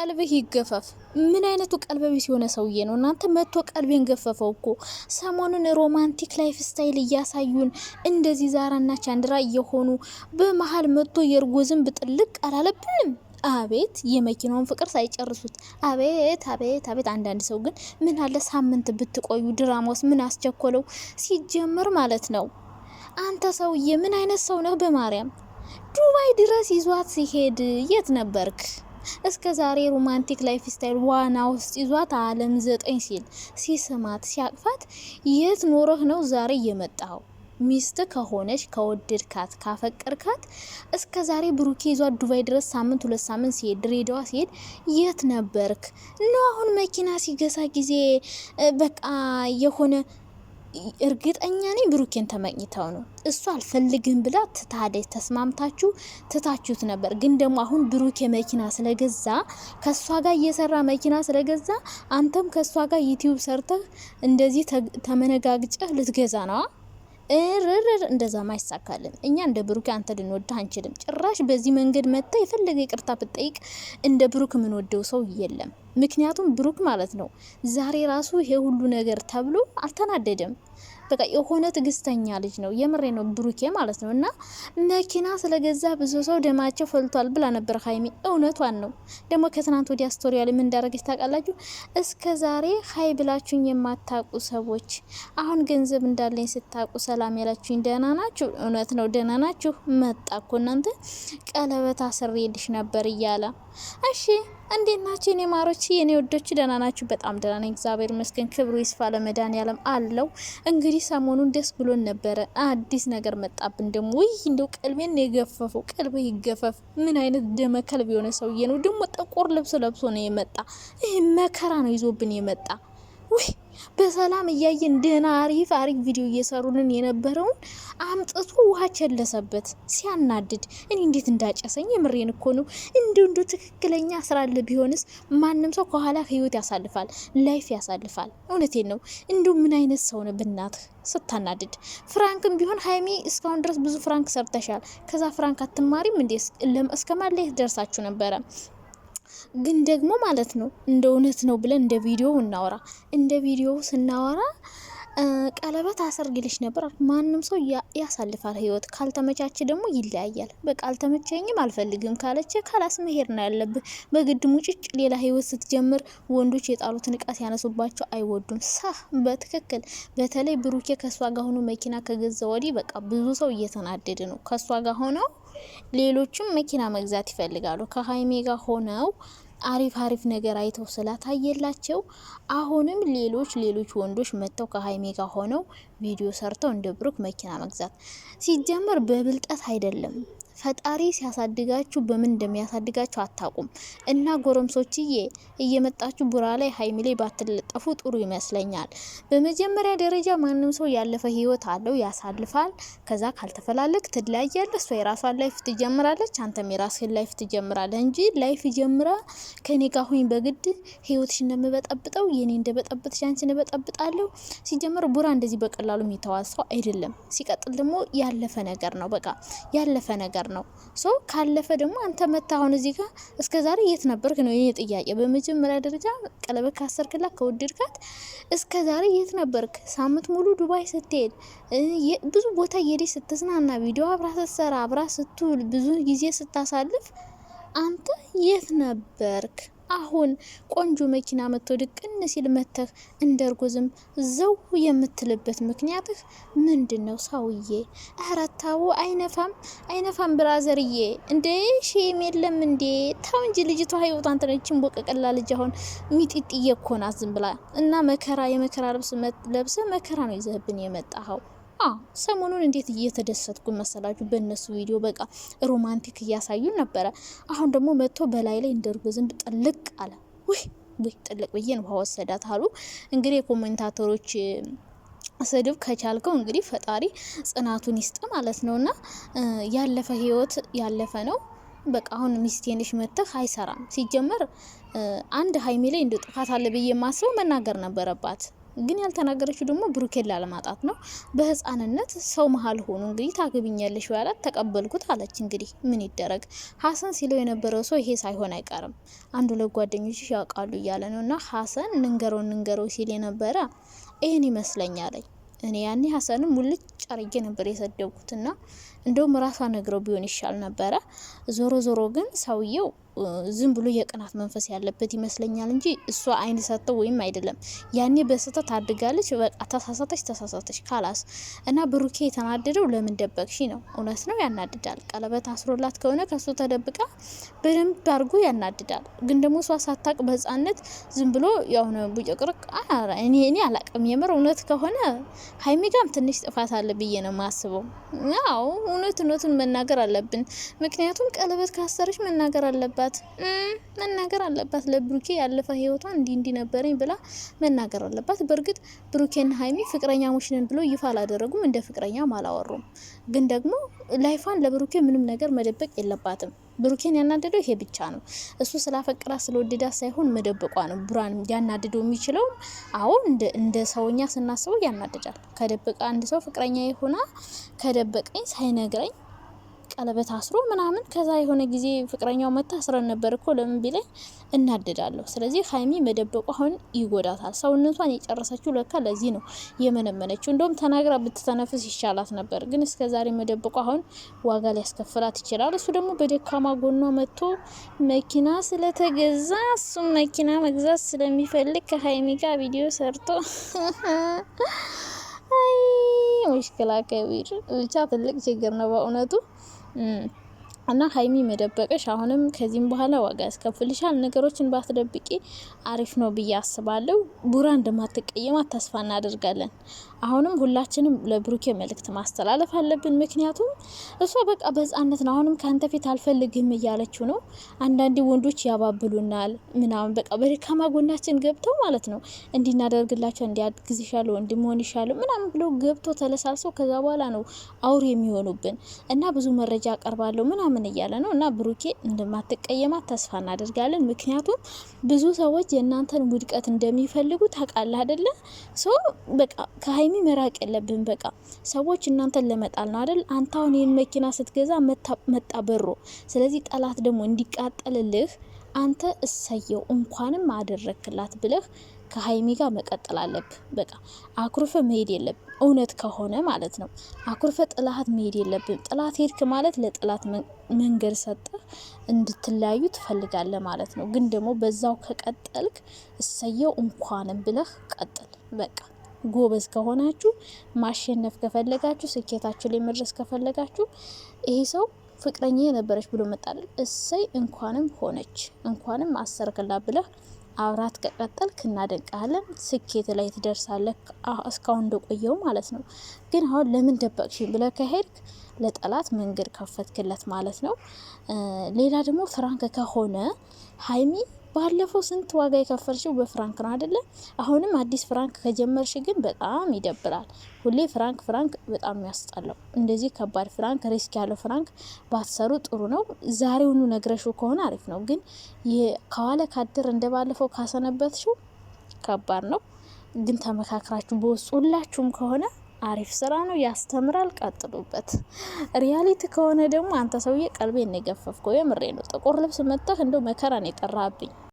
ቀልብህ ይገፈፍ። ምን አይነቱ ቀልበቢስ የሆነ ሰውዬ ነው እናንተ? መቶ ቀልቤን ገፈፈው እኮ ሰሞኑን ሮማንቲክ ላይፍ ስታይል እያሳዩን እንደዚህ ዛራና ቻንድራ እየሆኑ በመሀል መቶ የእርጎዝን ብጥልቅ አላለብንም? አቤት የመኪናውን ፍቅር ሳይጨርሱት አቤት አቤት አቤት። አንዳንድ ሰው ግን ምን አለ ሳምንት ብትቆዩ፣ ድራማውስ ምን አስቸኮለው? ሲጀመር ማለት ነው አንተ ሰውዬ ምን አይነት ሰው ነህ? በማርያም ዱባይ ድረስ ይዟት ሲሄድ የት ነበርክ? እስከ ዛሬ ሮማንቲክ ላይፍ ስታይል ዋና ውስጥ ይዟት አለም ዘጠኝ ሲል ሲስማት ሲያቅፋት የት ኖረህ ነው ዛሬ እየመጣው ሚስት ከሆነች ከወደድካት ካፈቀርካት እስከ ዛሬ ብሩኬ ይዟት ዱባይ ድረስ ሳምንት ሁለት ሳምንት ሲሄድ ድሬዳዋ ሲሄድ የት ነበርክ? ነው አሁን መኪና ሲገሳ ጊዜ በቃ የሆነ እርግጠኛ ነኝ ብሩኬን ተመኝተው ነው። እሱ አልፈልግም ብላ ትታደ ተስማምታችሁ ትታችሁት ነበር። ግን ደግሞ አሁን ብሩኬ መኪና ስለገዛ ከእሷ ጋር እየሰራ መኪና ስለገዛ አንተም ከእሷ ጋር ዩቲዩብ ሰርተህ እንደዚህ ተመነጋግጨህ ልትገዛ ነዋ። እርርር እንደዛ ማይሳካልን። እኛ እንደ ብሩክ አንተ ልንወድህ አንችልም። ጭራሽ በዚህ መንገድ መጥተህ የፈለገ ይቅርታ ብጠይቅ እንደ ብሩክ የምንወደው ሰው የለም። ምክንያቱም ብሩክ ማለት ነው ዛሬ ራሱ ይሄ ሁሉ ነገር ተብሎ አልተናደደም። በቃ የሆነ ትግስተኛ ልጅ ነው። የምሬ ነው ብሩኬ ማለት ነው። እና መኪና ስለገዛ ብዙ ሰው ደማቸው ፈልቷል ብላ ነበር ሀይሚ። እውነቷን ነው። ደግሞ ከትናንት ወዲያ ስቶሪያ ላይ ምን እንዳደረገች ታውቃላችሁ? እስከ ዛሬ ሀይ ብላችሁኝ የማታቁ ሰዎች አሁን ገንዘብ እንዳለኝ ስታቁ ሰላም ያላችሁኝ ደህና ናችሁ? እውነት ነው ደህና ናችሁ? መጣኩ እናንተ ቀለበት አስሬልሽ ነበር እያለ እሺ እንዴት ናቸው የኔ ማሮች የኔ ወዶች? ደህና ናችሁ? በጣም ደህና ነኝ፣ እግዚአብሔር ይመስገን። ክብሩ ይስፋ ለመድኃኒዓለም አለው። እንግዲህ ሰሞኑን ደስ ብሎን ነበረ፣ አዲስ ነገር መጣብን። ደግሞ ይህ እንደው ቀልቤን የገፈፈው ቀልቤ ይገፈፍ። ምን አይነት ደመ ከልብ የሆነ ሰውዬ ነው ደግሞ! ጥቁር ልብስ ለብሶ ነው የመጣ። ይህ መከራ ነው ይዞብን የመጣ ውይ በሰላም እያየን ደህና አሪፍ አሪፍ ቪዲዮ እየሰሩልን የነበረውን አምጥቶ ውሃ ቸለሰበት። ሲያናድድ እኔ እንዴት እንዳጨሰኝ የምሬን እኮ ነው። እንዲሁ እንዲሁ ትክክለኛ ስራ አለ ቢሆንስ ማንም ሰው ከኋላ ህይወት ያሳልፋል፣ ላይፍ ያሳልፋል። እውነቴን ነው። እንዲሁ ምን አይነት ሰው ነው ብናትህ ስታናድድ። ፍራንክም ቢሆን ሀይሚ እስካሁን ድረስ ብዙ ፍራንክ ሰርተሻል፣ ከዛ ፍራንክ አትማሪም እንዴ? እስከ ማለየት ደርሳችሁ ነበረ ግን ደግሞ ማለት ነው እንደ እውነት ነው ብለን እንደ ቪዲዮው እናወራ። እንደ ቪዲዮው ስናወራ ቀለበት አሰርግልሽ ነበር። ማንም ሰው ያሳልፋል ህይወት። ካልተመቻች ደግሞ ይለያያል። በቃ አልተመቸኝም፣ አልፈልግም ካለች ካላስ መሄድ ነው ያለብህ። በግድ ሙጭጭ ሌላ ህይወት ስትጀምር ወንዶች የጣሉትን እቃ ሲያነሱባቸው አይወዱም። ሳ በትክክል በተለይ ብሩኬ ከእሷ ጋር ሆኖ መኪና ከገዛ ወዲህ በቃ ብዙ ሰው እየተናደደ ነው። ከእሷ ጋር ሆነው ሌሎችም መኪና መግዛት ይፈልጋሉ። ከሀይሜ ጋር ሆነው አሪፍ አሪፍ ነገር አይተው ስላታየላቸው አሁንም ሌሎች ሌሎች ወንዶች መጥተው ከሀይሜ ጋር ሆነው ቪዲዮ ሰርተው እንደ ብሩክ መኪና መግዛት ሲጀመር በብልጠት አይደለም። ፈጣሪ ሲያሳድጋችሁ በምን እንደሚያሳድጋችሁ አታቁም። እና ጎረምሶችዬ እየመጣችሁ ቡራ ላይ ሀይሚ ላይ ባትለጠፉ ጥሩ ይመስለኛል። በመጀመሪያ ደረጃ ማንም ሰው ያለፈ ህይወት አለው፣ ያሳልፋል። ከዛ ካልተፈላለግ ትለያያለ። እሷ የራሷን ላይፍ ትጀምራለች፣ አንተም የራስህን ላይፍ ትጀምራለ እንጂ ላይፍ ጀምራ ከኔ ጋር ሁኝ በግድ ህይወትሽ እንደምበጠብጠው የኔ እንደበጠብጥ ሻንች እንደበጠብጣለሁ። ሲጀምር ቡራ እንደዚህ በቀላሉ የሚተዋሰው አይደለም። ሲቀጥል ደግሞ ያለፈ ነገር ነው፣ በቃ ያለፈ ነገር ነገር ነው። ሶ ካለፈ ደግሞ አንተ መታ አሁን እዚህ ጋር እስከ ዛሬ የት ነበርክ ነው ይህ ጥያቄ። በመጀመሪያ ደረጃ ቀለበት ካሰርክላት ከወደድካት እስከ ዛሬ የት ነበርክ? ሳምንት ሙሉ ዱባይ ስትሄድ ብዙ ቦታ እየሄደች ስትዝናና፣ ቪዲዮ አብራ ስትሰራ፣ አብራ ስትውል፣ ብዙ ጊዜ ስታሳልፍ አንተ የት ነበርክ? አሁን ቆንጆ መኪና መጥቶ ድቅን ሲል መተህ እንደ እርጎ ዘው የምትልበት ምክንያትህ ምንድን ነው? ሳውዬ አራታው አይነፋም አይነፋም፣ ብራዘርዬ እንዴ ሼም የለም እንዴ? ታው እንጂ ልጅቷ ህይወት አንተነችን ቦቀቀላ ልጅ አሁን ሚጢጥ እየኮናት ዝም ብላ እና መከራ የመከራ ልብስ ለብሰ መከራ ነው ይዘህብን የመጣኸው። ሰሞኑን እንዴት እየተደሰትኩ መሰላችሁ በእነሱ ቪዲዮ በቃ ሮማንቲክ እያሳዩን ነበረ። አሁን ደግሞ መጥቶ በላይ ላይ እንደርጎ ዝንብ ጥልቅ አለ። ውህ ውህ ጥልቅ ብዬ ነው ውሃ ወሰዳት አሉ እንግዲህ የኮሜንታተሮች ስድብ ከቻልከው እንግዲህ ፈጣሪ ጽናቱን ይስጥ ማለት ነው። እና ያለፈ ህይወት ያለፈ ነው። በቃ አሁን ሚስቴንሽ መተህ አይሰራም። ሲጀመር አንድ ሀይሚ ላይ እንደ ጥፋት አለ ብዬ ማስበው መናገር ነበረባት። ግን ያልተናገረችው ደግሞ ብሩኬን ላለማጣት ነው። በህፃንነት ሰው መሀል ሆኑ እንግዲህ ታገቢኛለሽ ያላት ተቀበልኩት አለች። እንግዲህ ምን ይደረግ። ሀሰን ሲለው የነበረው ሰው ይሄ ሳይሆን አይቀርም አንዱ ለጓደኞች ያውቃሉ እያለ ነው። እና ሀሰን ንንገረው ንንገረው ሲል የነበረ ይህን ይመስለኛለኝ። እኔ ያኔ ሀሰንም ሙልጭ አርጌ ነበር የሰደብኩትና እንደውም ራሷ ነግረው ቢሆን ይሻል ነበረ። ዞሮ ዞሮ ግን ሰውየው ዝም ብሎ የቅናት መንፈስ ያለበት ይመስለኛል እንጂ እሷ አይን ሰጥተው ወይም አይደለም። ያኔ በስህተት አድጋለች። በቃ ተሳሳተች፣ ተሳሳተች ካላስ እና ብሩኬ የተናደደው ለምን ደበቅሺ ነው። እውነት ነው ያናድዳል። ቀለበት አስሮላት ከሆነ ከሱ ተደብቃ በደንብ አድርጎ ያናድዳል። ግን ደግሞ እሷ ሳታቅ በህፃነት ዝም ብሎ የሆነ ቡጭቅርቅ እኔ እኔ አላቅም። የምር እውነት ከሆነ ሀይሚጋም ትንሽ ጥፋት አለ ብዬ ነው ማስበው። እውነት እውነቱን መናገር አለብን። ምክንያቱም ቀለበት ካሰረች መናገር አለባት መናገር አለባት። ለብሩኬ ያለፈ ህይወቷ እንዲህ እንዲህ ነበረኝ ብላ መናገር አለባት። በእርግጥ ብሩኬና ሀይሚ ፍቅረኛ ሙሽንን ብሎ ይፋ አላደረጉም፣ እንደ ፍቅረኛም አላወሩም። ግን ደግሞ ላይፋን ለብሩኬ ምንም ነገር መደበቅ የለባትም። ብሩኬን ያናደደው ይሄ ብቻ ነው። እሱ ስላፈቅራ ስለወደዳ ሳይሆን መደበቋ ነው። ቡራን ያናደደው የሚችለው አዎ፣ እንደ ሰውኛ ስናስበው ያናደዳል። ከደበቀ አንድ ሰው ፍቅረኛ የሆና ከደበቀኝ ሳይነግረኝ ቀለበት አስሮ ምናምን ከዛ የሆነ ጊዜ ፍቅረኛው መታ አስረን ነበር እኮ ለምን ቢለኝ እናደዳለሁ። ስለዚህ ሀይሚ መደበቁ አሁን ይጎዳታል። ሰውነቷን የጨረሰችው ለካ ለዚህ ነው የመነመነችው። እንደውም ተናግራ ብትተነፍስ ይሻላት ነበር፣ ግን እስከዛሬ መደበቁ አሁን ዋጋ ሊያስከፍላት ይችላል። እሱ ደግሞ በደካማ ጎኗ መጥቶ መኪና ስለተገዛ እሱም መኪና መግዛት ስለሚፈልግ ከሀይሚ ጋር ቪዲዮ ሰርቶ ሙሽክላ ከቢር ብቻ ትልቅ ችግር ነው በእውነቱ። 嗯。እና ሀይሚ መደበቅሽ አሁንም ከዚህም በኋላ ዋጋ ያስከፍልሻል። ነገሮችን ባትደብቂ አሪፍ ነው ብዬ አስባለሁ። ቡራ እንደማትቀየማት ተስፋ እናደርጋለን። አሁንም ሁላችንም ለብሩኬ መልእክት ማስተላለፍ አለብን። ምክንያቱም እሷ በቃ በህጻነት ነው አሁንም ከአንተ ፊት አልፈልግም እያለችው ነው። አንዳንዴ ወንዶች ያባብሉናል ምናምን በቃ በደካማ ጎናችን ገብተው ማለት ነው እንዲናደርግላቸው እንዲያግዝ ይሻሉ እንዲመሆን ይሻሉ ምናምን ብለው ገብተው ተለሳልሰው ከዛ በኋላ ነው አውር የሚሆኑብን እና ብዙ መረጃ አቀርባለሁ ምናምን ምን እያለ ነው እና ብሩኬ እንደማትቀየማት ተስፋ እናደርጋለን። ምክንያቱም ብዙ ሰዎች የእናንተን ውድቀት እንደሚፈልጉ ታውቃለህ አይደለ? ሶ በቃ ከሀይሚ መራቅ የለብን። በቃ ሰዎች እናንተን ለመጣል ነው አይደል? አንተ አሁን ይህን መኪና ስትገዛ መጣ በሮ። ስለዚህ ጠላት ደግሞ እንዲቃጠልልህ አንተ እሰየው እንኳንም አደረክላት ብለህ ከሀይሚ ጋር መቀጠል አለብ። በቃ አኩርፈ መሄድ የለብን እውነት ከሆነ ማለት ነው። አኩርፈ ጥላት መሄድ የለብን። ጥላት ሄድክ ማለት ለጥላት መንገድ ሰጠህ፣ እንድትለያዩ ትፈልጋለህ ማለት ነው። ግን ደግሞ በዛው ከቀጠልክ እሰየው እንኳንም ብለህ ቀጥል። በቃ ጎበዝ ከሆናችሁ ማሸነፍ ከፈለጋችሁ ስኬታችሁ ላይ መድረስ ከፈለጋችሁ ይሄ ሰው ፍቅረኛ የነበረች ብሎ መጣል እሰይ እንኳንም ሆነች እንኳንም አሰርክላ ብለህ አብራት ከቀጠልክ እናደንቃለን፣ ስኬት ላይ ትደርሳለህ። እስካሁን እንደቆየው ማለት ነው። ግን አሁን ለምን ደበቅሽኝ ብለህ ከሄድክ ለጠላት መንገድ ከፈትክለት ማለት ነው። ሌላ ደግሞ ፍራንክ ከሆነ ሀይሚ ባለፈው ስንት ዋጋ የከፈልሽው በፍራንክ ነው አደለ? አሁንም አዲስ ፍራንክ ከጀመርሽ ግን በጣም ይደብራል። ሁሌ ፍራንክ ፍራንክ በጣም ያስጠላው። እንደዚህ ከባድ ፍራንክ፣ ሪስክ ያለው ፍራንክ ባትሰሩ ጥሩ ነው። ዛሬውኑ ነግረሽው ከሆነ አሪፍ ነው። ግን ከዋለ ካደር እንደባለፈው ካሰነበትሽው ከባድ ነው። ግን ተመካክራችሁ በውስጥ ሁላችሁም ከሆነ አሪፍ ስራ ነው፣ ያስተምራል፣ ቀጥሉበት። ሪያሊቲ ከሆነ ደግሞ አንተ ሰውዬ ቀልቤን የገፈፍከው የምሬ ነው። ጥቁር ልብስ መጥተህ እንደው መከራን የጠራብኝ